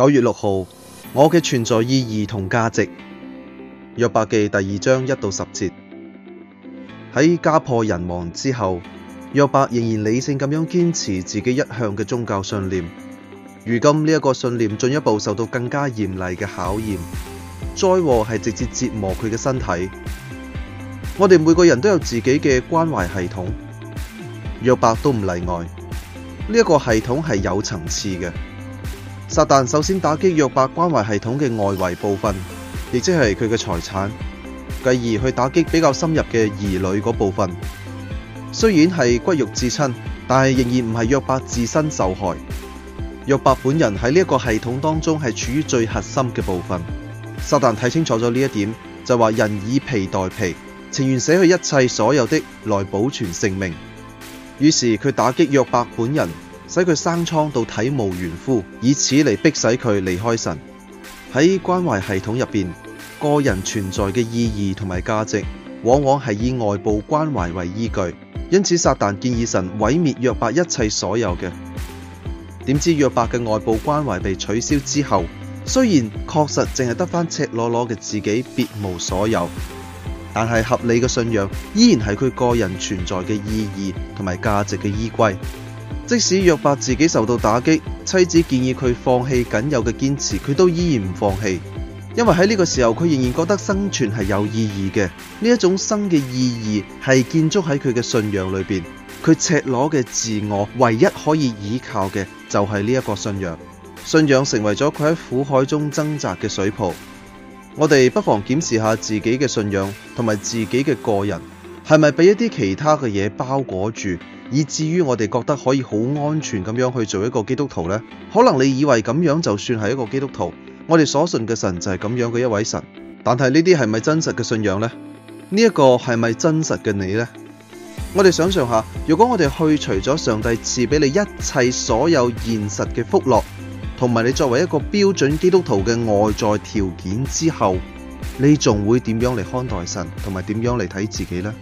九月六號，我嘅存在意義同價值。約伯記第二章一到十節，喺家破人亡之後，約伯仍然理性咁樣堅持自己一向嘅宗教信念。如今呢一個信念進一步受到更加嚴厲嘅考驗，災禍係直接折磨佢嘅身體。我哋每個人都有自己嘅關懷系統，約伯都唔例外。呢一個系統係有層次嘅。撒旦首先打擊約伯關懷系統嘅外圍部分，亦即係佢嘅財產，繼而去打擊比較深入嘅兒女嗰部分。雖然係骨肉至親，但係仍然唔係約伯自身受害。約伯本人喺呢一個系統當中係處於最核心嘅部分。撒旦睇清楚咗呢一點，就話人以皮代皮，情願捨去一切所有的來保存性命。於是佢打擊約伯本人。使佢生瘡到體無完膚，以此嚟逼使佢離開神。喺關懷系統入邊，個人存在嘅意義同埋價值，往往係以外部關懷為依據。因此，撒旦建議神毀滅約伯一切所有嘅。點知約伯嘅外部關懷被取消之後，雖然確實淨係得返赤裸裸嘅自己，別無所有，但係合理嘅信仰依然係佢個人存在嘅意義同埋價值嘅依歸。即使約伯自己受到打擊，妻子建議佢放棄僅有嘅堅持，佢都依然唔放棄，因為喺呢個時候佢仍然覺得生存係有意義嘅。呢一種生嘅意義係建築喺佢嘅信仰裏邊，佢赤裸嘅自我唯一可以依靠嘅，就係呢一個信仰。信仰成為咗佢喺苦海中掙扎嘅水泡。我哋不妨檢視下自己嘅信仰同埋自己嘅個人，係咪被一啲其他嘅嘢包裹住，以至於我哋覺得可以好安全咁樣去做一個基督徒呢？可能你以為咁樣就算係一個基督徒，我哋所信嘅神就係咁樣嘅一位神，但係呢啲係咪真實嘅信仰呢？呢一個係咪真實嘅你呢？我哋想象下，如果我哋去除咗上帝賜俾你一切所有現實嘅福樂，同埋你作為一個標準基督徒嘅外在條件之後。你仲會點樣嚟，看待神，同埋點樣嚟睇自己咧？